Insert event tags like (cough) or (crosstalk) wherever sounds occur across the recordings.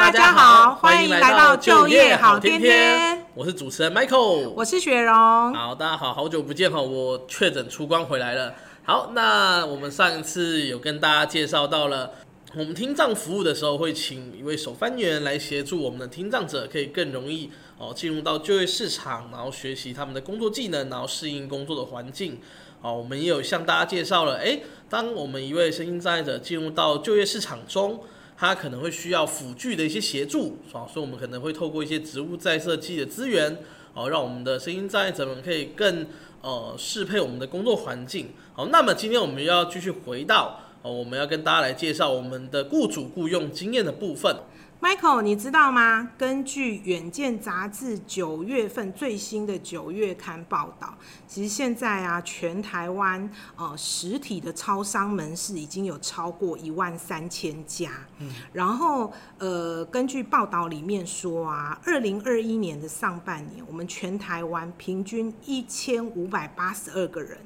大家好，歡迎來到就業好天天。我是主持人 Michael，我是雪蓉。好，大家好好久不見哈，我確診出關回來了。好，那我們上一次有跟大家介紹到了，我們聽障服務的時候會請一位手翻員來協助我們的聽障者，可以更容易哦進入到就業市場，然後學習他們的工作技能，然後適應工作的環境。哦，我們也有向大家介紹了，哎，當我們一位聲音障礙者進入到就業市場中。它可能會需要輔具的一些協助，啊，所以我們可能會透過一些職務再設計的資源，好，讓我們的聲音障礙者們可以更呃適配我們的工作環境。好，那麼今天我們又要繼續回到，我們要跟大家來介紹我們的雇主雇用經驗的部分。Michael，你知道嗎？根據《遠見》雜誌九月份最新的九月刊報道，其實現在啊，全台灣哦，呃，實體的超商門市已經有超過一萬三千家。嗯，然後呃，根據報道裡面說啊，二零二一年的上半年，我們全台灣平均一千五百八十二個人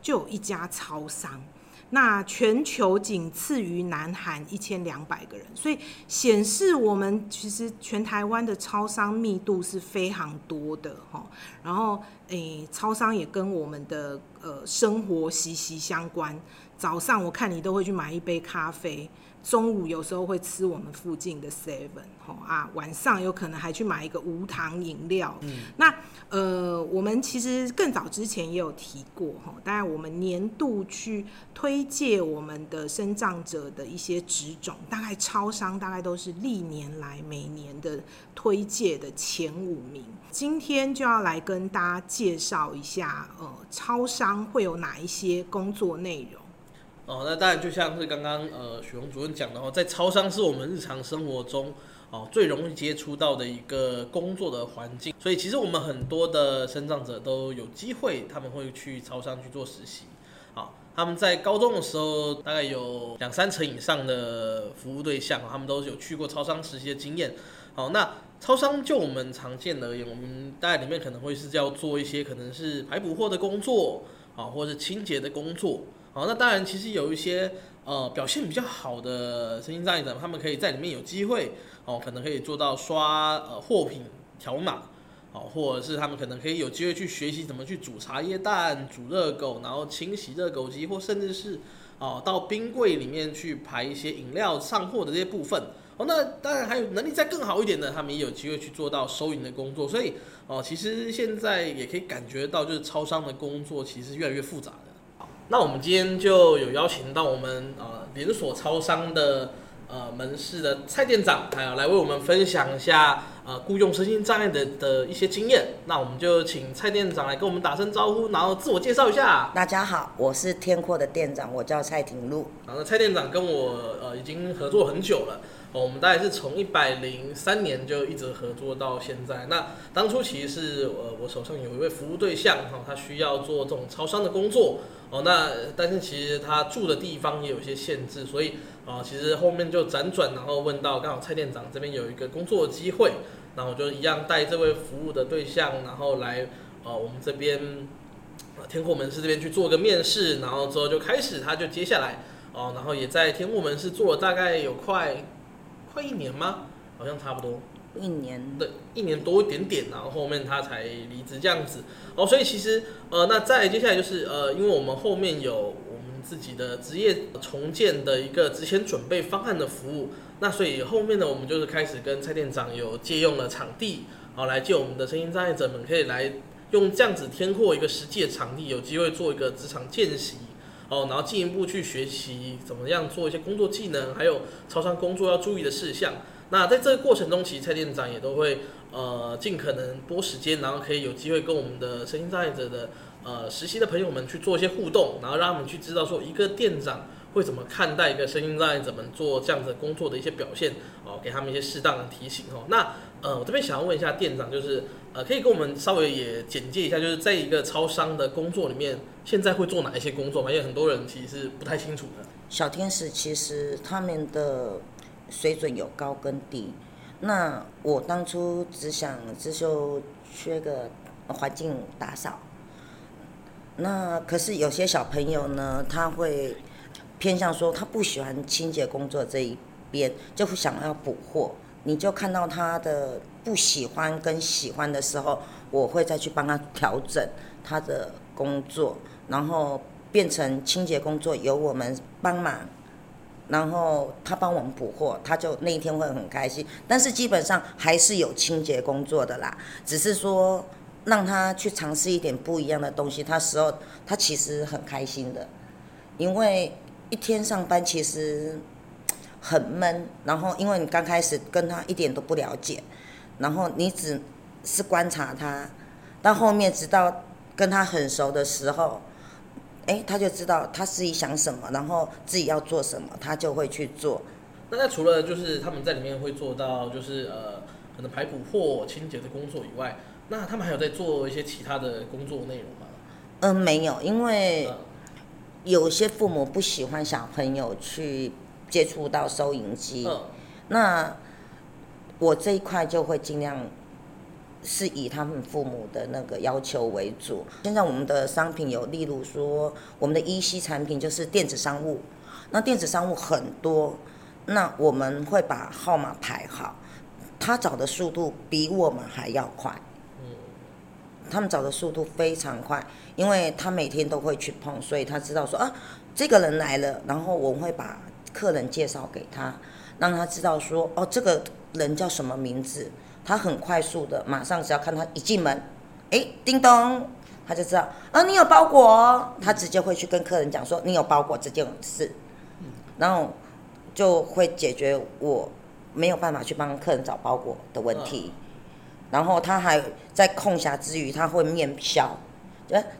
就有一家超商。那全球僅次於南韓一千兩百個人，所以顯示我們其實全台灣的超商密度是非常多的吼。然後誒、欸，超商也跟我們的呃生活息息相關。早上我看你都會去買一杯咖啡。中午有時候會吃我們附近的 Seven 吼啊，晚上有可能還去買一個無糖飲料。嗯，那呃，我們其實更早之前也有提過吼，大概我們年度去推薦我們的生長者的一些職種，大概超商大概都是歷年來每年的推薦的前五名。今天就要來跟大家介紹一下，呃，超商會有哪一些工作內容。哦，那當然，就像是剛剛呃，許宏主任講的話，在超商是我們日常生活中哦最容易接觸到的一個工作的環境。所以，其實我們很多的身障者都有機會，他們會去超商去做實習。好、哦，他們在高中的時候，大概有兩三成以上的服務對象、哦，他們都有去過超商實習的經驗。哦，那超商就我們常見的而言，我們大概裡面可能會是要做一些可能是排補貨的工作，啊、哦，或者是清潔的工作。哦，那當然，其實有一些呃表現比較好的身心障礙者，他們可以在裡面有機會哦，可能可以做到刷呃貨品條碼，哦，或者是他們可能可以有機會去學習怎麼去煮茶葉蛋、煮熱狗，然後清洗熱狗機，或甚至是哦到冰櫃裡面去排一些飲料上貨的這些部分。哦，那當然還有能力再更好一點的，他們也有機會去做到收銀的工作。所以哦，其實現在也可以感覺到，就是超商的工作其實越來越複雜。那我們今天就有邀請到我們呃連鎖超商的呃門市的蔡店長，還有來為我們分享一下呃僱用身心障礙的的一些經驗。那我們就請蔡店長來跟我們打聲招呼，然後自我介紹一下。大家好，我是天闊的店長，我叫蔡廷祿。然後蔡店長跟我呃已經合作很久了。哦，我們大概是從一百零三年就一直合作到現在。那當初其實是呃，我手上有一位服務對象，哈，他需要做這種超商的工作，哦，那但是其實他住的地方也有一些限制，所以啊，其實後面就輾轉，然後問到剛好蔡店長這邊有一個工作機會，然後就一樣帶這位服務的對象，然後來我們這邊天闊門市這邊去做個面試，然後之後就開始他就接下來哦，然後也在天闊門市做了大概有快。快一年嗎？好像差不多一年，對，一年多一點點，然後後面他才離職這樣子。哦，所以其實，呃，那再接下來就是，呃，因為我們後面有我們自己的職業重建的一個職前準備方案的服務，那所以後面呢，我們就是開始跟蔡店長有借用了場地，好、哦、來借我們的身心障礙者們可以來用這樣子天闊一個實際的場地，有機會做一個職場見習。哦，然後進一步去學習怎麼樣做一些工作技能，還有超商工作要注意的事項。那在這個過程中，其實蔡店長也都會呃盡可能撥時間，然後可以有機會跟我們的身心障礙者的呃實習的朋友們去做一些互動，然後讓他們去知道說一個店長會怎麼看待一個身心障礙者們做這樣的工作的一些表現哦，給他們一些適當的提醒哦。那。呃，我這邊想要問一下店長，就是呃，可以跟我們稍微也簡介一下，就是在一個超商的工作裡面，現在會做哪一些工作嗎？因為很多人其實是不太清楚的。小天使其實他們的水準有高跟低，那我當初只想只就缺個環境打掃，那可是有些小朋友呢，他會偏向說他不喜歡清潔工作這一邊，就會想要補貨。你就看到他的不喜歡跟喜歡的時候，我會再去幫他調整他的工作，然後變成清潔工作由我們幫忙，然後他幫我們補貨，他就那一天會很開心。但是基本上還是有清潔工作的啦，只是說讓他去嘗試一點不一樣的東西，他時候他其實很開心的，因為一天上班其實。很悶，然後因為你剛開始跟他一點都不了解，然後你只是觀察他，到後面直到跟他很熟的時候，誒，他就知道他自己想什麼，然後自己要做什麼，他就會去做。那他除了就是他們在裡面會做到就是呃，可能排貨或清潔的工作以外，那他們還有在做一些其他的工作內容嗎？嗯、呃，沒有，因為有些父母不喜歡小朋友去。接觸到收銀機，oh. 那我這一塊就會盡量是以他們父母的那個要求為主。現在我們的商品有，例如說我們的 EC 產品就是電子商務，那電子商務很多，那我們會把號碼排好，他找的速度比我們還要快。嗯，他們找的速度非常快，因為他每天都會去碰，所以他知道說啊，這個人來了，然後我們會把。客人介紹給他，讓他知道說哦，這個人叫什麼名字？他很快速的，馬上只要看他一進門，哎，叮咚，他就知道，啊。你有包裹哦，他直接會去跟客人講說你有包裹這件事，然後就會解決我沒有辦法去幫客人找包裹的問題。嗯，然後他還在空暇之餘，他會面銷，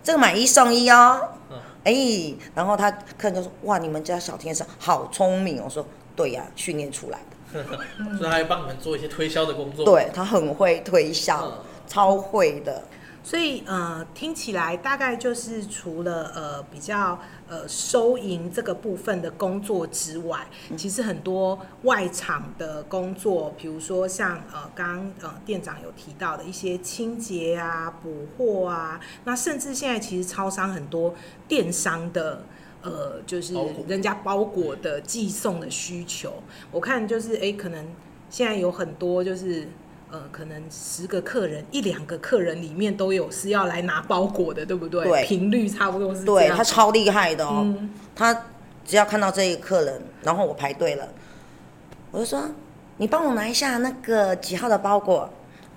這個買一送一哦。嗯哎、欸，然後他客人就說：“哇，你們家小天使好聰明、喔！”我說：“對呀、啊，訓練出來的。 (laughs) ” (laughs) (laughs) 所以他還幫你們做一些推銷的工作。對，他很會推銷、嗯，超會的。所以呃，聽起來大概就是除了呃比較。呃，收銀這個部分的工作之外，其實很多外場的工作，比如說像呃，剛呃店長有提到的一些清潔啊、補貨啊，那甚至現在其實超商很多電商的呃，就是人家包裹的寄送的需求，我看就是哎、欸，可能現在有很多就是。呃，可能十個客人一兩個客人裡面都有是要來拿包裹的，對不對？對，頻率差不多是。對，他超厲害的哦，嗯。他只要看到這一客人，然後我排隊了，我就說：“你幫我拿一下那個幾號的包裹。”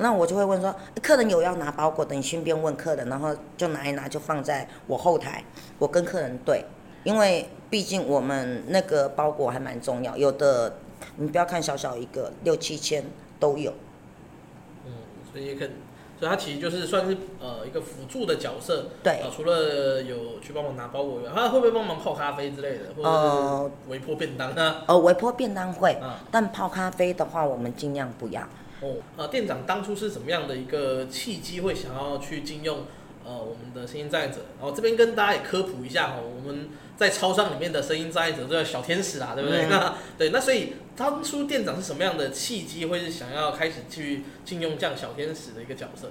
那我就會問說：“客人有要拿包裹的，你順便問客人。”然後就拿一拿，就放在我後台。我跟客人對，因為畢竟我們那個包裹還蠻重要，有的你不要看小小一個，六七千都有。所以也可以，所以他其實就是算是呃一個輔助的角色，對、啊、呃、除了有去幫忙拿包裹以外，他會不會幫忙泡咖啡之類的，或者是微波便當呢、啊呃？呃，微波便當會，嗯、但泡咖啡的話我們盡量不要。哦、呃，呃店長當初是怎麼樣的一個契機會想要去進用？呃、哦，我們的聲音障礙者，然、哦、後這邊跟大家也科普一下哈，我們在超商裡面的聲音障礙者，這叫小天使啦，啊，對不對？嗯、那對，那所以當初店長是什麼樣的契機，會是想要開始去進用這樣小天使的一個角色？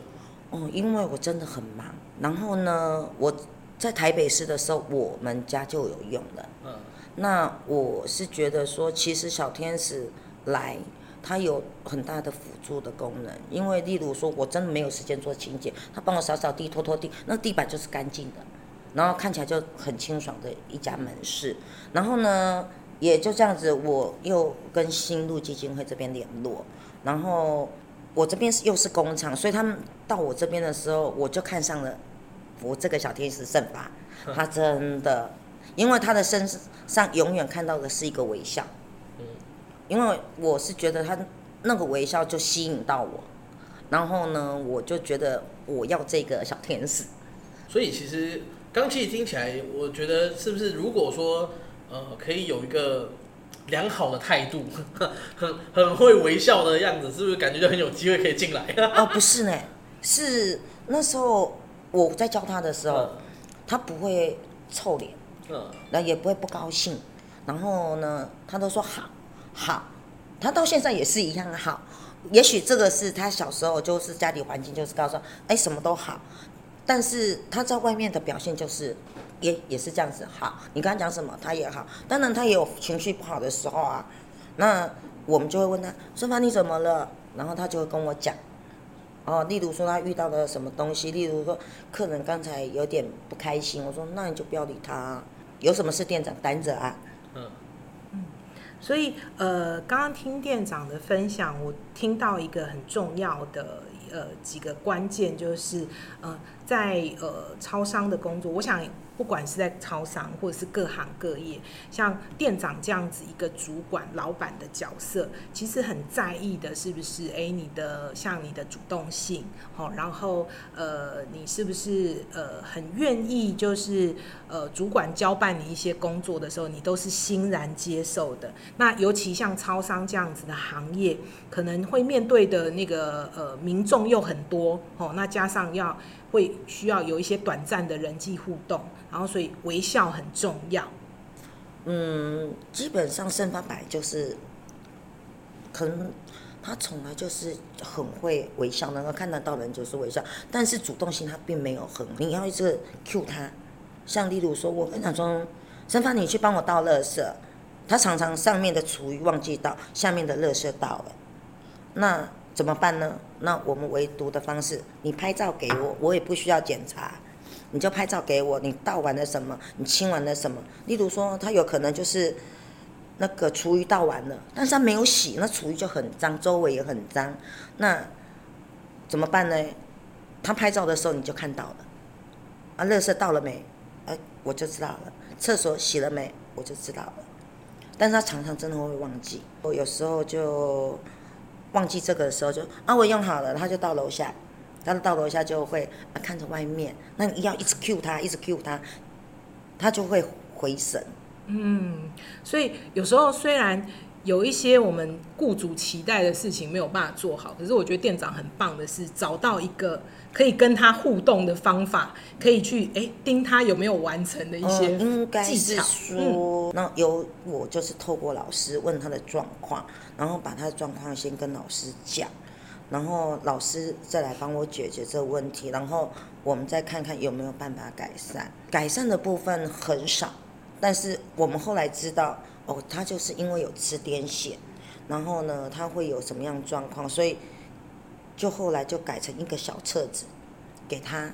哦，因為我真的很忙，然後呢，我在台北市的時候，我們家就有用了。嗯，那我是覺得說，其實小天使來。他有很大的輔助的功能，因為例如說，我真的沒有時間做清潔，他幫我掃掃地、拖拖地，那地板就是乾淨的，然後看起來就很清爽的一家門市。然後呢，也就這樣子，我又跟新路基金會這邊聯絡，然後我這邊又是工廠，所以他們到我這邊的時候，我就看上了我這個小天使聖吧，他真的，因為他的身上永遠看到的是一個微笑。因為我是覺得他那個微笑就吸引到我，然後呢，我就覺得我要這個小天使。所以其實剛其實聽起來，我覺得是不是如果說呃，可以有一個良好的態度，很很會微笑的樣子，是不是感覺就很有機會可以進來？啊 (laughs) 呃，不是呢，是那時候我在教他的時候，他不會臭臉，嗯、呃，那也不會不高興，然後呢，他都說好。哈好，他到現在也是一樣好。也許這個是他小時候就是家裡環境就是告訴他，哎、欸、什麼都好，但是他在外面的表現就是也也是這樣子好。你剛講什麼他也好，當然他也有情緒不好的時候啊。那我們就會問他：“孫芳你怎麼了？”然後他就會跟我講，哦，例如說他遇到了什麼東西，例如說客人剛才有點不開心，我說那你就不要理他，有什麼事店長擔着啊。所以，呃，剛剛聽店長的分享，我聽到一個很重要的，呃，幾個關鍵就是，呃，在，呃，超商的工作，我想。不管是在超商或者是各行各業，像店長這樣子一個主管老板的角色，其實很在意的是不是？哎、欸，你的像你的主動性，好、哦，然後呃，你是不是呃很願意就是呃主管交辦你一些工作的時候，你都是欣然接受的？那尤其像超商這樣子的行業，可能會面對的那個呃民眾又很多哦，那加上要會需要有一些短暫的人際互動。然後所以微笑很重要。嗯，基本上盛發白就是，可能他從來就是很會微笑，能夠看得到人就是微笑。但是主動性他並沒有很，你要一直 cue 他。像例如說，我跟你說，生發你去幫我倒垃圾，他常常上面的廚餘忘記倒，下面的垃圾倒了，那怎麼辦呢？那我們唯獨的方式，你拍照給我，我也不需要檢查。你就拍照給我，你倒完了什麼？你清完了什麼？例如說，他有可能就是那個廚餘倒完了，但是他沒有洗，那廚餘就很髒，周圍也很髒，那怎麼辦呢？他拍照的時候你就看到了，啊，垃圾倒了沒？哎、啊，我就知道了。廁所洗了沒？我就知道了。但是他常常真的會忘記，我有時候就忘記這個的時候就啊，我用好了，他就到樓下。他到樓下就會看着外面，那你要一直 cue 他，一直 cue 他，他就會回神。嗯，所以有時候雖然有一些我們雇主期待的事情沒有辦法做好，可是我覺得店長很棒的是找到一個可以跟他互動的方法，可以去哎盯他有沒有完成的一些技巧。哦嗯、那由我就是透過老師問他的狀況，然後把他的狀況先跟老師講。然後老師再來幫我解決這個問題，然後我們再看看有沒有辦法改善。改善的部分很少，但是我們後來知道，哦，他就是因為有吃癲癇，然後呢，他會有什麼樣狀況？所以就後來就改成一個小冊子給他，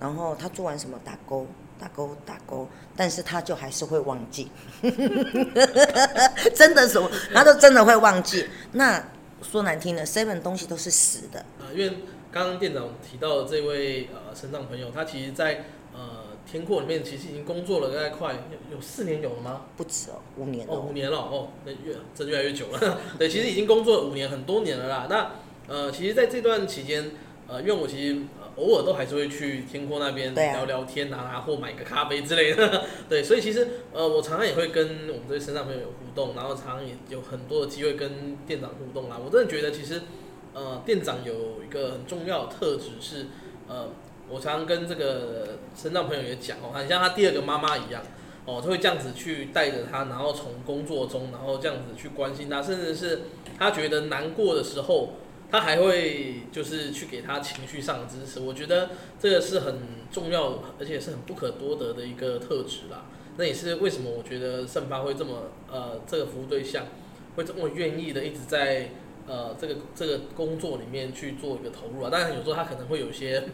然後他做完什麼打勾、打勾、打勾，但是他就還是會忘記。 (laughs) 真的什麼？他都真的會忘記。那。說難聽的，seven 東西都是死的。啊、呃，因為剛剛店長提到的這位呃身障朋友，他其實在，在呃天闊裡面其實已經工作了大概快有,有四年有了嗎？不止哦，五年了、哦。五年了哦，那、哦、越這越來越久了。 (laughs) 對，其實已經工作了五年，很多年了啦。那呃，其實在這段期間，呃，因為我其實。偶爾都還是會去天闊那邊聊聊天，啊，拿拿貨，買個咖啡之類的。 (laughs) 對，所以其實呃，我常常也會跟我們這些身障朋友有互動，然後常常也有很多的機會跟店長互動啦、啊。我真的覺得其實呃，店長有一個很重要的特質是呃，我常常跟這個身障朋友也講哦，很像他第二個媽媽一樣哦，他會這樣子去帶着他，然後從工作中，然後這樣子去關心他，甚至是他覺得難過的時候。他還會就是去給他情緒上的支持，我覺得這個是很重要的，而且是很不可多得的一個特質啦。那也是為什麼我覺得盛發會這麼呃，這個服務對象會這麼願意的一直在呃這個這個工作裡面去做一個投入啊。當然有時候他可能會有些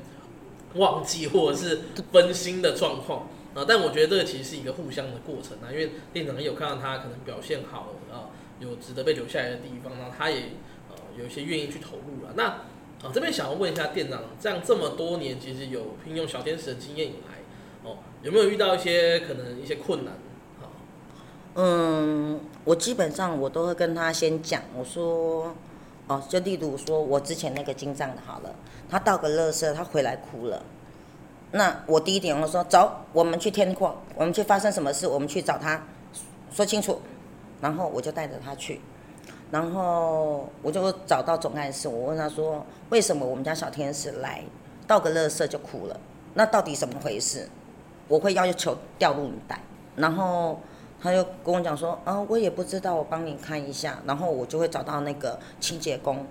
忘記或者是分心的狀況啊，但我覺得這個其實是一個互相的過程啊，因為店長也有看到他可能表現好啊、呃，有值得被留下來的地方，然後他也。有一些願意去投入了、啊。那啊，這邊想要問一下店長，這樣這麼多年，其實有聘用小天使的經驗以來，哦，有沒有遇到一些可能一些困難、啊？嗯，我基本上我都會跟他先講，我說，哦，就例如說，我之前那個進賬的好了，他倒個垃圾，他回來哭了。那我第一點我說，走，我們去天闊，我們去發生什麼事，我們去找他，說清楚。然後我就帶着他去。然後我就找到總幹事，我問他說，為什麼我們家小天使來倒個垃圾就哭了？那到底怎麼回事？我會要求調入你帶。然後他就跟我講說，啊，我也不知道，我幫你看一下。然後我就會找到那個清潔工，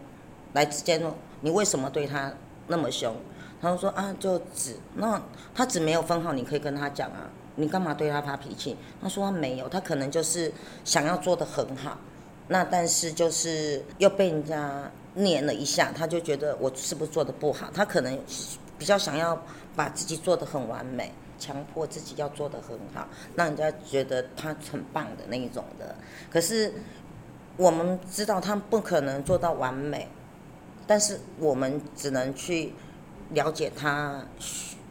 來直接說，你為什麼對他那麼凶？他就說，啊，就紙，那他紙沒有分好，你可以跟他講啊，你幹嘛對他發脾氣？他說他沒有，他可能就是想要做得很好。那但是就是又被人家念了一下，他就覺得我是不是做的不好？他可能比較想要把自己做的很完美，強迫自己要做的很好，讓人家覺得他很棒的那一種的。可是我們知道他不可能做到完美，但是我們只能去了解他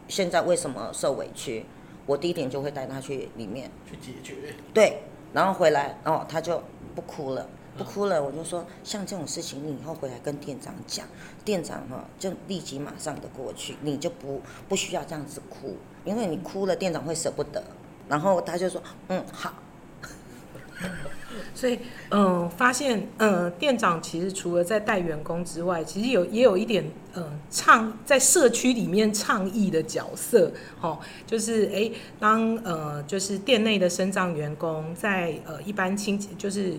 現在為什麼受委屈。我第一點就會帶他去裡面去解決，對，然後回來，然、哦、後他就。不哭了，不哭了，我就說像這種事情，你以後回來跟店長講，店長哈就立即馬上的過去，你就不不需要這樣子哭，因為你哭了，店長會捨不得。然後他就說，嗯，好。 (laughs) 所以，嗯、呃，發現，嗯、呃，店長其實除了在帶員工之外，其實有也有一點，嗯、呃，倡，在社區裡面倡議的角色，好、哦，就是，哎、欸，當，呃，就是店內的身障員工在呃一般清潔就是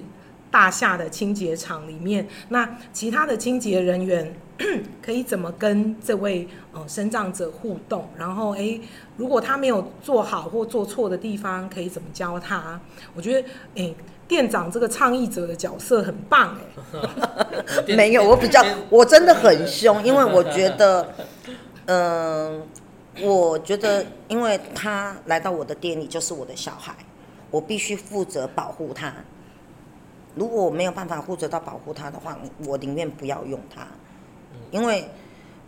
大廈的清潔場裡面，那其他的清潔人員 (coughs) 可以怎麼跟這位哦、呃、身障者互動？然後，哎、欸，如果他沒有做好或做錯的地方，可以怎麼教他？我覺得，哎、欸。店長這個倡議者的角色很棒。哎、欸 (laughs) 沒有，我比較我真的很兇，因為我覺得，嗯、呃，我覺得，因為他來到我的店裡就是我的小孩，我必須負責保護他。如果我沒有辦法負責到保護他的話，我寧願不要用他，因為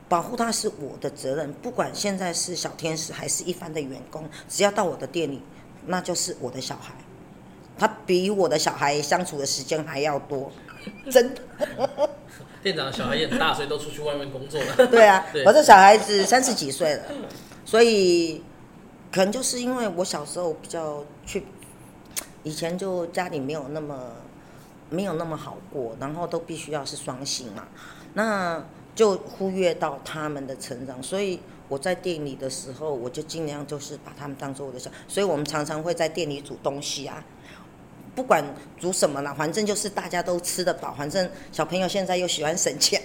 保護他是我的責任。不管現在是小天使還是一般的員工，只要到我的店裡，那就是我的小孩。他比我的小孩相處的時間還要多，真的。店長的小孩也很大，所以都出去外面工作了。 (laughs) 對啊，我的小孩子三十幾歲了，所以可能就是因為我小時候比較去，以前就家裡沒有那麼沒有那麼好過，然後都必須要是雙薪嘛，那就忽略到他們的成長。所以我在店裡的時候，我就盡量就是把他們當做我的小，所以我們常常會在店裡煮東西啊。不管煮什麼了，反正就是大家都吃得飽。反正小朋友現在又喜歡省錢，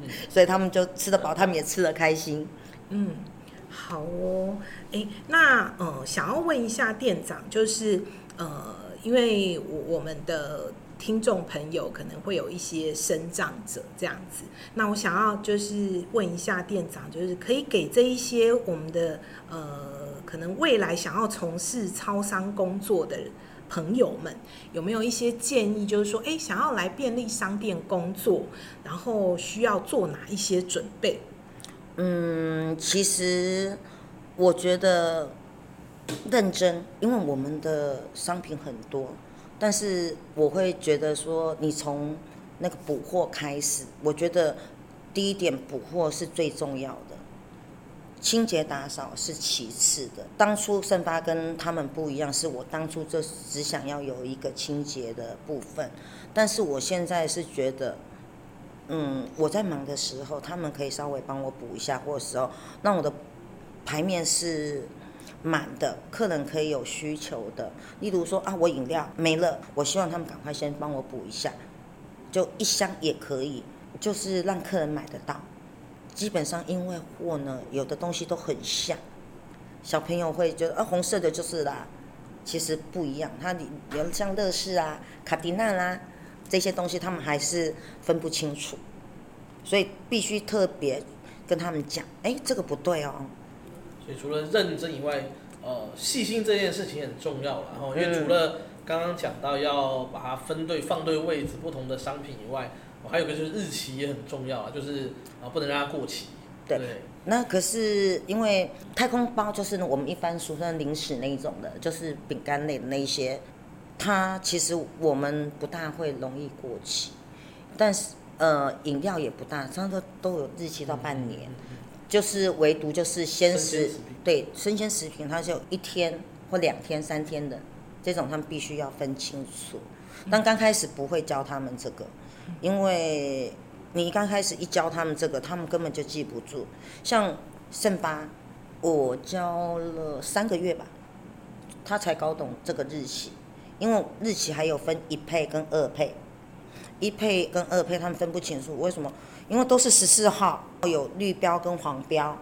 嗯、 (laughs) 所以他們就吃得飽，他們也吃得開心。嗯，好哦，誒、欸，那呃，想要問一下店長，就是呃，因為我們的聽眾朋友可能會有一些生長者這樣子，那我想要就是問一下店長，就是可以給這一些我們的呃，可能未來想要從事超商工作的人。朋友們有沒有一些建議？就是說，哎、欸，想要來便利商店工作，然後需要做哪一些準備？嗯，其實我覺得認真，因為我們的商品很多，但是我會覺得說，你從那個補貨開始，我覺得第一點補貨是最重要的。清潔打掃是其次的。當初盛發跟他們不一樣，是我當初就只想要有一個清潔的部分。但是我現在是覺得，嗯，我在忙的時候，他們可以稍微幫我補一下或者時候，讓我的排面是滿的，客人可以有需求的。例如說啊，我飲料沒了，我希望他們趕快先幫我補一下，就一箱也可以，就是讓客人買得到。基本上，因為貨呢，有的東西都很像，小朋友會覺得，啊，紅色的就是啦，其實不一樣。他你像樂事啊、卡迪娜啦這些東西，他們還是分不清楚，所以必須特別跟他們講，哎，這個不對哦。所以除了認真以外，呃，細心這件事情很重要，然後、嗯、因為除了剛剛講到要把它分對、放對位置、不同的商品以外。還有個就是日期也很重要啊，就是啊不能讓它過期對。對，那可是因為太空包就是我們一般俗稱零食那一種的，就是餅乾類的那一些，它其實我們不大會容易過期，但是呃飲料也不大，差不多都有日期到半年，嗯、就是唯獨就是鮮食，對生鮮食品它就一天或兩天三天的這種，他們必須要分清楚，但剛開始不會教他們這個。因為你剛開始一教他們這個，他們根本就記不住。像聖巴，我教了三個月吧，他才搞懂這個日期。因為日期還有分一配跟二配，一配跟二配他們分不清楚。為什麼？因為都是十四號，有綠標跟黃標，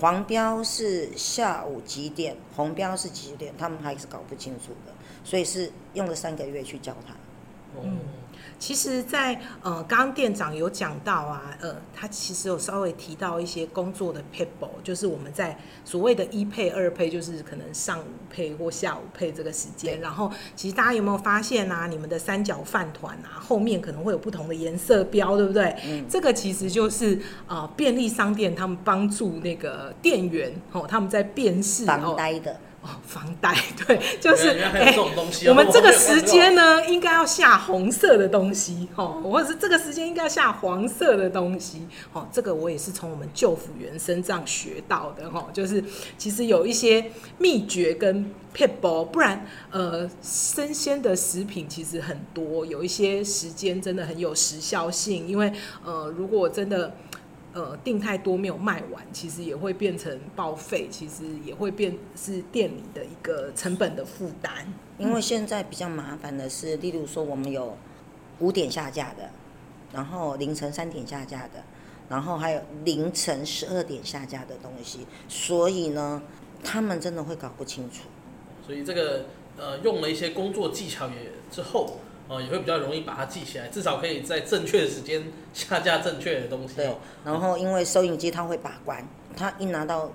黃標是下午幾點，紅標是幾點，他們還是搞不清楚的。所以是用了三個月去教他。嗯。其實在，在呃，剛店長有講到啊，呃，他其實有稍微提到一些工作的撇步，就是我們在所謂的“一配二配”，就是可能上午配或下午配這個時間。然後，其實大家有沒有發現啊，嗯、你們的三角飯糰啊，後面可能會有不同的顏色標，對不對？嗯、這個其實就是啊、呃，便利商店他們幫助那個店員哦，他們在辨識哦。哦，房貸對，就是我、啊欸、們這個時間呢，應該要下紅色的東西哦，或者是這個時間應該要下黃色的東西哦。這個我也是從我們就服員身上學到的、哦、就是其實有一些秘訣跟撇步，不然呃，生鮮的食品其實很多，有一些時間真的很有時效性，因為呃，如果真的。呃，訂太多沒有賣完，其實也會變成報廢，其實也會變是店裡的一個成本的負擔。因為現在比較麻煩的是，例如說我們有五點下架的，然後凌晨三點下架的，然後還有凌晨十二點下架的東西，所以呢，他們真的會搞不清楚。所以這個呃，用了一些工作技巧也之後。哦，也會比較容易把它記起來，至少可以在正確的時間下架正確的東西。對，然後因為收銀機它會把關，它一拿到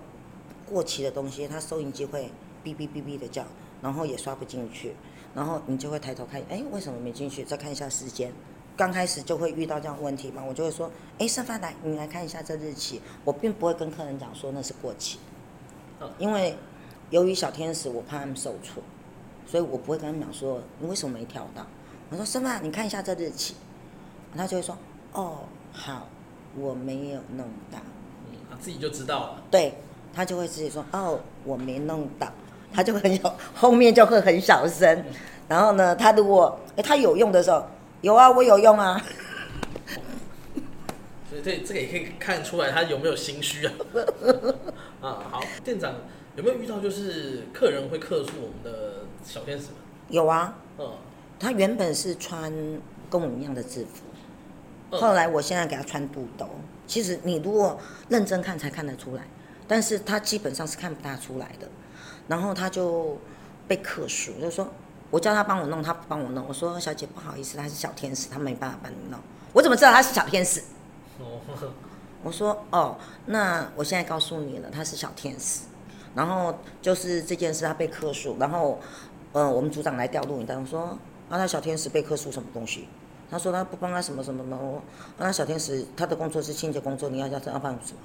過期的東西，它收銀機會嗶嗶嗶嗶的叫，然後也刷不進去，然後你就會抬頭看，哎，為什麼沒進去？再看一下時間，剛開始就會遇到這樣問題嘛，我就會說，哎，盛發來，你來看一下這日期，我並不會跟客人講說那是過期。嗯，因為由於小天使，我怕他們受挫，所以我不會跟他們講說，你為什麼沒挑到。我說什麼？你看一下這日期，他就會說哦，好，我沒有弄到，他、嗯啊、自己就知道了。對，他就會自己說哦，我沒弄到，他就很有後面就會很小聲。然後呢，他如果哎他有用的時候，有啊，我有用啊。 (laughs) 所以這這個也可以看出來他有沒有心虛啊。啊、 (laughs) (laughs) 嗯，好，店長有沒有遇到就是客人會客訴我們的小天使？有啊，嗯。他原本是穿跟我一樣的制服，後來我現在給他穿肚兜。其實你如果認真看才看得出來，但是他基本上是看不大出來的。然後他就被客訴，就說：“我叫他幫我弄，他不幫我弄。”我說：“小姐不好意思，他是小天使，他沒辦法幫你弄。”我怎麼知道他是小天使？我說：“哦，那我現在告訴你了，他是小天使。”然後就是這件事，他被客訴。然後，呃，我們組長來調錄影帶我說。啊，那小天使被客訴什麼東西？他說他不幫他什麼什麼然。啊、哦，那小天使他的工作是清潔工作，你要要要放什麼？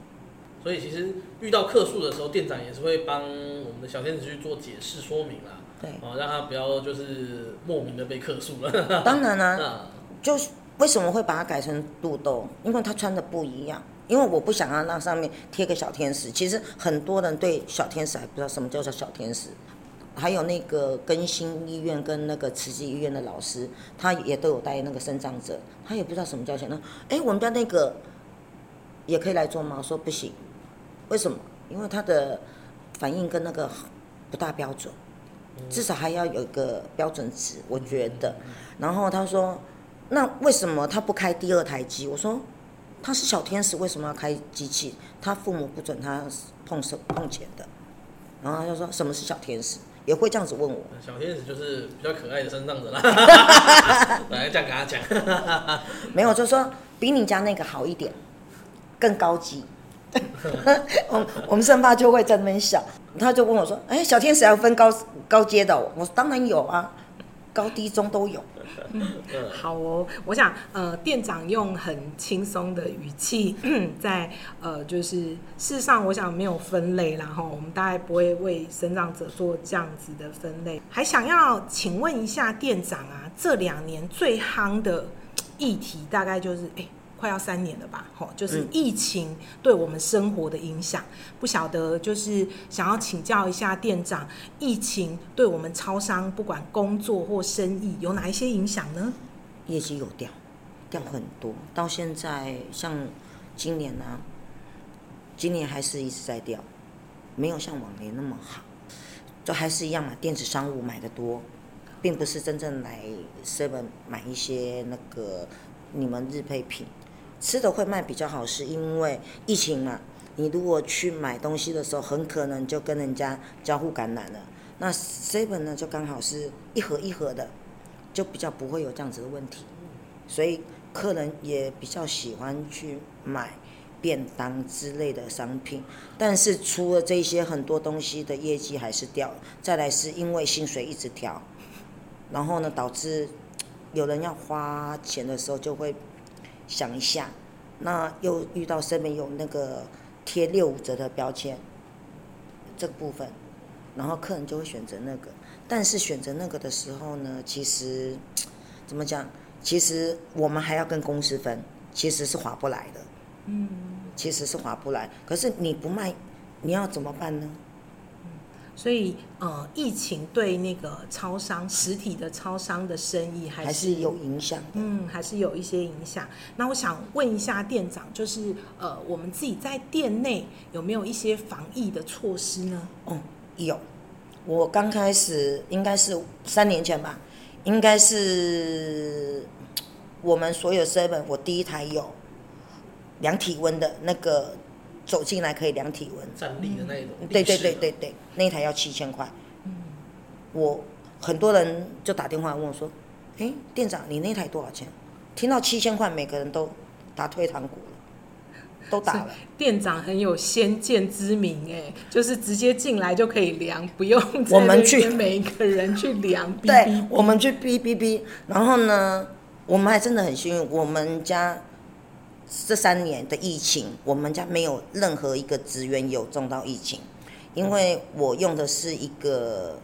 所以其實遇到客訴的時候，店長也是會幫我們的小天使去做解釋說明啦。對。哦，讓他不要就是莫名的被客訴了。當然啦、啊啊。就是為什麼會把它改成肚兜？因為他穿的不一樣。因為我不想要那上面貼個小天使。其實很多人對小天使還不知道什麼叫做小天使。還有那個更新醫院跟那個慈濟醫院的老師，他也都有帶那個身障者，他也不知道什麼叫錢。那哎，我們家那個也可以來做嗎？說不行，為什麼？因為他的反應跟那個不大標準，至少還要有一個標準值，我覺得。嗯，然後他說，那為什麼他不開第二台機？我說他是小天使，為什麼要開機器？他父母不准他碰手碰錢的。然後他就說，什麼是小天使？也會這樣子問我，小天使就是比較可愛的身上的啦，來，這樣跟他講，沒有就說比你家那個好一點，更高級。我我們生怕就會在那邊想，他就問我說：“哎，小天使要分高高階的？”我說：“當然有啊。”高低中都有。嗯，好哦，我想，呃，店長用很輕鬆的語氣 (coughs) 在，呃，就是事實上，我想沒有分類，然後我們大概不會為生長者做這樣子的分類。還想要請問一下店長啊，這兩年最夯的議題大概就是，哎、欸。快要三年了吧，吼，就是疫情對我們生活的影響，嗯，不曉得就是想要請教一下店長，疫情對我們超商不管工作或生意有哪一些影響呢？業績有掉，掉很多，到現在像今年呢，啊，今年還是一直在掉，沒有像往年那麼好，就還是一樣嘛，電子商務買得多，並不是真正來 seven 買一些那個你們日配品。吃的會賣比較好，是因為疫情嘛、啊？你如果去買東西的時候，很可能就跟人家交互感染了。那 seven 呢，就剛好是一盒一盒的，就比較不會有這樣子的問題，所以客人也比較喜歡去買便當之類的商品。但是除了這些，很多東西的業績還是掉了。再來是因為薪水一直調，然後呢，導致有人要花錢的時候就會。想一下，那又遇到身邊有那個貼六五折的標籤，這個部分，然後客人就會選擇那個。但是選擇那個的時候呢，其實怎麼講？其實我們還要跟公司分，其實是划不來的。嗯，其實是划不來。可是你不賣，你要怎麼辦呢？所以，呃，疫情對那個超商實體的超商的生意還是，還是有影響的。嗯，還是有一些影響。那我想問一下店長，就是呃，我們自己在店內有沒有一些防疫的措施呢？哦、嗯，有。我剛開始應該是三年前吧，應該是我們所有 seven，我第一台有量體溫的那個。走進來可以量體溫，站立的那種。對對對對對，那一台要七千塊，嗯。我很多人就打電話問我說、欸：“哎，店長，你那台多少錢？”聽到七千塊，每個人都打退堂鼓了，都打了。店長很有先見之明哎、欸，嗯、就是直接進來就可以量，不用我們去 (laughs) 每一個人去量。B -B -B 對，我們去 B B B，然後呢，我們還真的很幸運，我們家。這三年的疫情，我們家沒有任何一個職員有中到疫情，因為我用的是一個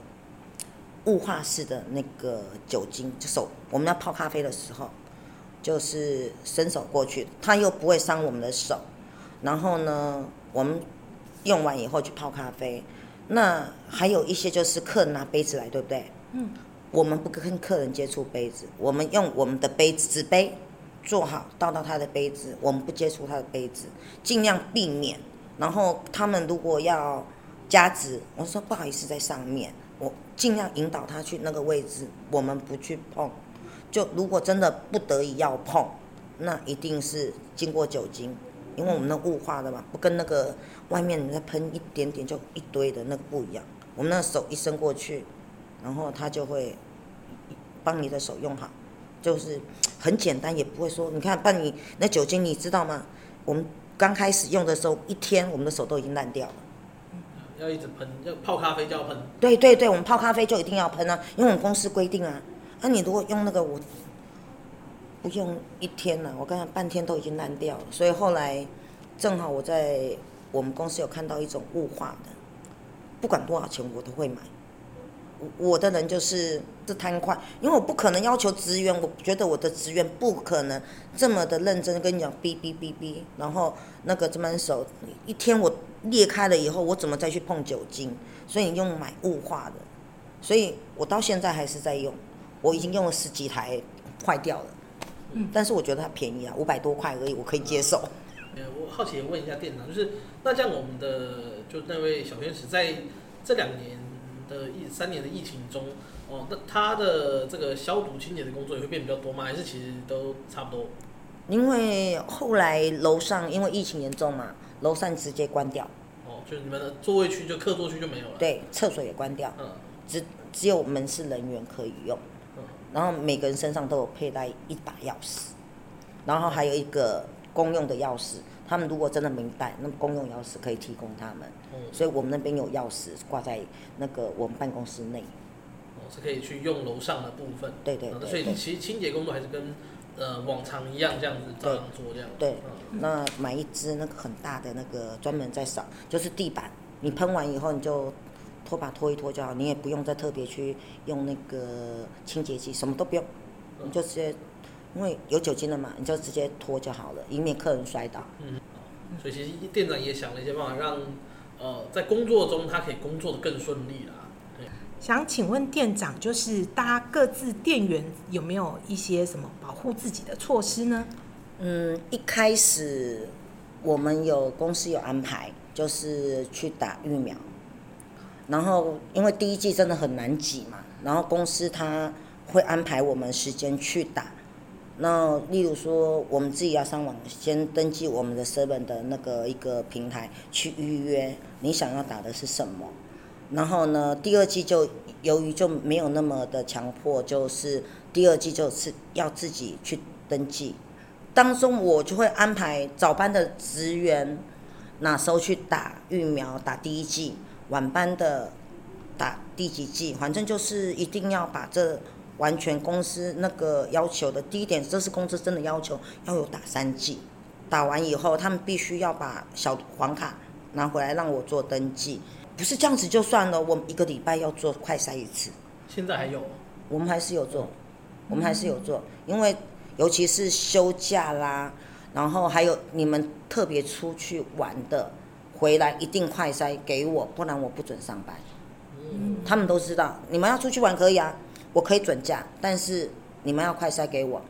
霧化式的那個酒精，就手。我們要泡咖啡的時候，就是伸手過去，它又不會傷我們的手。然後呢，我們用完以後去泡咖啡，那還有一些就是客人拿杯子來，對不對？嗯。我們不跟客人接觸杯子，我們用我們的杯子，紙杯。做好，倒到他的杯子，我們不接觸他的杯子，盡量避免。然後他們如果要夾紙，我說不好意思，在上面，我盡量引導他去那個位置，我們不去碰。就如果真的不得已要碰，那一定是經過酒精，因為我們那霧化的嘛，不跟那個外面你在噴一點點就一堆的那個不一樣。我們那手一伸過去，然後他就會幫你的手用好。就是很簡單，也不會說。你看，半你那酒精，你知道嗎？我們剛開始用的時候，一天我們的手都已經爛掉了。要一直噴，要泡咖啡就要噴。對對對，我們泡咖啡就一定要噴啊，因為我們公司規定啊，啊。那你如果用那個我不用一天了，啊，我剛才半天都已經爛掉了。所以後來，正好我在我們公司有看到一種霧化的，不管多少錢我都會買。我的人就是這貪快，因為我不可能要求職員，我覺得我的職員不可能這麼的認真跟你講，嗶嗶嗶嗶，然後那個這門手，一天我裂開了以後，我怎麼再去碰酒精？所以用買霧化的，所以我到現在還是在用，我已經用了十幾台，壞掉了。嗯，但是我覺得它便宜啊，五百多塊而已，我可以接受。嗯嗯。我好奇問一下店長，就是那像我們的就那位小天使，在這兩年的一三年的疫情中，哦，那他的這個消毒清潔的工作也會變比較多嗎？還是其實都差不多？因為後來樓上因為疫情嚴重嘛，樓上直接關掉。哦，就是你們的座位區就客座區就沒有了。對，廁所也關掉。嗯。只只有門市人員可以用。嗯。然後每個人身上都有佩戴一把鑰匙，然後還有一個公用的鑰匙。他們如果真的沒帶，那公用鑰匙可以提供他們。嗯、所以我們那邊有鑰匙掛在那個我們辦公室內。哦。是可以去用樓上的部分。嗯。對對對。所以其實清潔工作還是跟，嗯，呃，往常一樣這樣子照樣做這樣對。嗯、對。那買一支那個很大的那個專門在掃，就是地板，你噴完以後你就，拖把拖一拖就好，你也不用再特別去用那個清潔劑，什麼都不用，嗯，你就直接。因為有酒精了嘛，你就直接拖就好了，以免客人摔倒。嗯，所以其實店長也想了一些辦法，讓，讓呃在工作中他可以工作的更順利啦、啊。想請問店長，就是大家各自店員有沒有一些什麼保護自己的措施呢？嗯，一開始我們有公司有安排，就是去打疫苗。然後因為第一季真的很難擠嘛，然後公司他會安排我們時間去打。那例如說，我們自己要上網先登記我們的 seven 的那個一個平台去預約，你想要打的是什麼？然後呢，第二劑就由於就沒有那麼的強迫，就是第二劑就是要自己去登記。當中我就會安排早班的職員哪時候去打疫苗，打第一劑；晚班的打第幾劑，反正就是一定要把這。完全公司那個要求的，第一點，這是公司真的要求要有打三劑。打完以後，他們必須要把小黃卡拿回來讓我做登記，不是這樣子就算了，我們一個禮拜要做快篩一次。現在還有嗎？我們還是有做，哦、我們還是有做，嗯，因為尤其是休假啦，然後還有你們特別出去玩的，回來一定快篩給我，不然我不准上班，嗯，他們都知道，你們要出去玩可以啊。我可以准假，但是你們要快篩給我。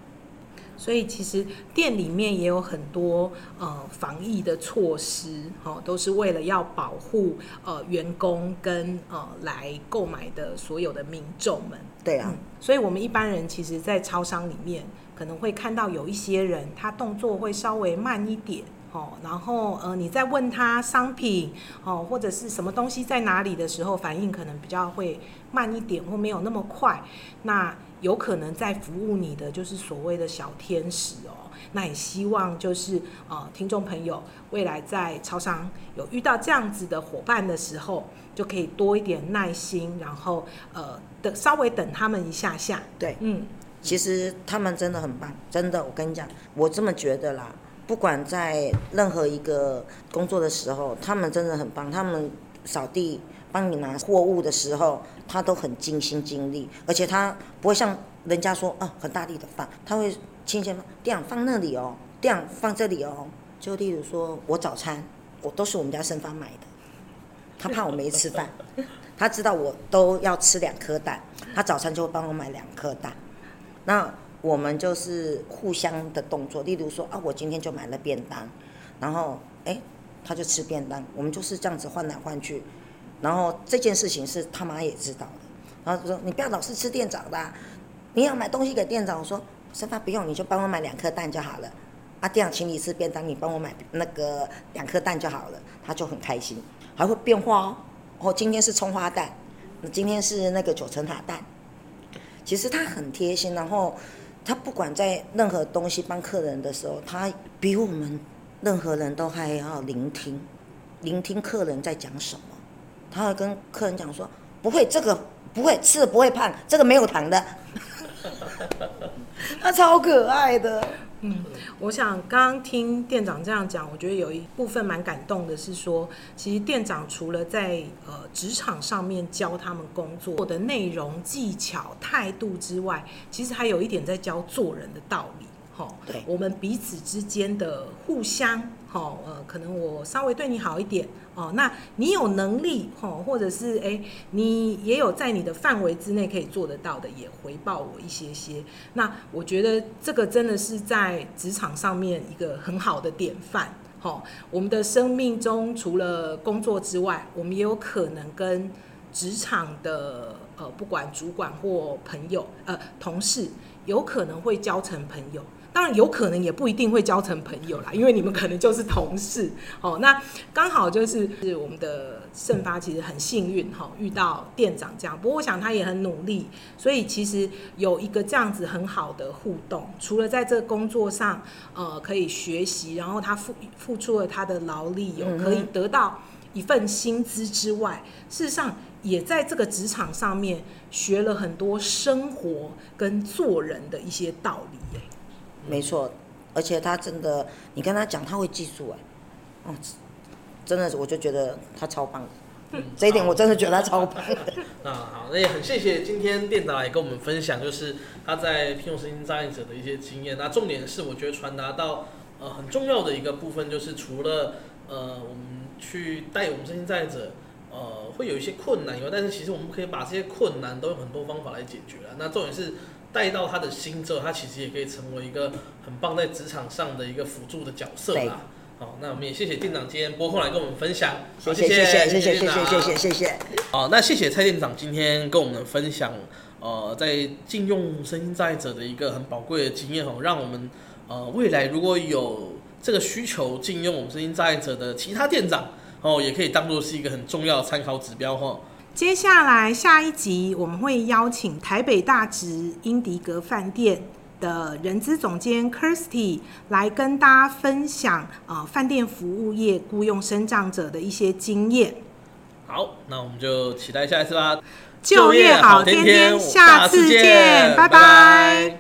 所以其實店裡面也有很多呃防疫的措施，哦，都是為了要保護呃員工跟呃、呃來購買的所有的民眾們。對啊，嗯、所以我們一般人其實，在超商裡面可能會看到有一些人，他動作會稍微慢一點。哦，然後呃，你在問他商品哦，或者是什麼東西在哪裡的時候，反應可能比較會慢一點，或沒有那麼快。那有可能在服務你的就是所謂的小天使哦。那也希望就是呃，聽眾朋友未來在超商有遇到這樣子的夥伴的時候，就可以多一點耐心，然後呃，等稍微等他們一下下。對，嗯，其實他們真的很棒，真的，我跟你講，我這麼覺得啦。不管在任何一個工作的時候，他們真的很棒。他們掃地、幫你拿貨物的時候，他都很盡心盡力，而且他不會像人家說啊、哦、很大力的放，他會輕輕放，這樣放那裡哦，這樣放這裡哦。就例如說我早餐，我都是我們家盛發買的，他怕我沒吃飯，他知道我都要吃兩顆蛋，他早餐就會幫我買兩顆蛋。那我們就是互相的動作，例如說啊，我今天就買了便當，然後誒，他就吃便當，我們就是這樣子換來換去，然後這件事情是他媽也知道的，然後就說，你不要老是吃店長的，啊，你要買東西給店長，我說，店長不用，你就幫我買兩顆蛋就好了，啊，店長請你吃便當，你幫我買那個兩顆蛋就好了，他就很開心，還會變化哦，哦，今天是蔥花蛋，今天是那個九層塔蛋，其實他很貼心，然後。他不管在任何東西幫客人的時候，他比我們任何人都還要聆聽，聆聽客人在講什麼。他會跟客人講說：“不會這個，不會吃了不會胖，這個沒有糖的。 (laughs) ”他超可愛的。嗯，我想剛剛聽店長這樣講，我覺得有一部分蠻感動的，是說其實店長除了在呃職場上面教他們工作的內容、技巧、態度之外，其實還有一點在教做人的道理。好、哦，對，我們彼此之間的互相，哦，呃，可能我稍微對你好一點哦。那你有能力，哦，或者是哎，你也有在你的範圍之內可以做得到的，也回報我一些些。那我覺得這個真的是在職場上面一個很好的典範。哦，我們的生命中除了工作之外，我們也有可能跟職場的呃，不管主管或朋友，呃，同事有可能會交成朋友。當然有可能也不一定會交成朋友啦，因為你們可能就是同事哦、喔。那剛好就是是我們的盛發其實很幸運哈、喔，遇到店長這樣。不過我想他也很努力，所以其實有一個這樣子很好的互動。除了在這個工作上呃可以學習，然後他付付出了他的勞力，有、喔、可以得到一份薪資之外，事實上也在這個職場上面學了很多生活跟做人的一些道理、欸。沒錯，而且他真的，你跟他講他會記住哎，哦、嗯，真的是我就覺得他超棒、嗯啊，這一點我真的覺得他超棒。那、嗯啊 (laughs) 啊、好，那也很謝謝今天店長也跟我們分享，就是他在聘用身心障礙者的一些經驗。那重點是我覺得傳達到呃很重要的一個部分，就是除了呃我們去帶我們身心障礙者，呃會有一些困難以外，但是其實我們可以把這些困難都有很多方法來解決了。那重點是。帶到他的心之後，他其實也可以成為一個很棒在職場上的一個輔助的角色啦。好，那我們也謝謝店長今天撥空來跟我們分享，好謝謝謝謝謝謝謝謝謝謝謝謝，謝，謝，謝，謝，謝，謝。那謝謝蔡店長今天跟我們分享，呃，在進用身心障礙者的一個很寶貴的經驗吼、哦，讓我們呃未來如果有這個需求進用我們身心障礙者的其他店長，哦，也可以當作是一個很重要參考指標吼。哦接下來下一集，我們會邀請台北大直英迪格飯店的人資總監 Kirsty 來跟大家分享啊，飯店服務業雇傭生長者的一些經驗。好，那我們就期待下一次啦！就業好天天，天天下次，下次見，拜拜。拜拜。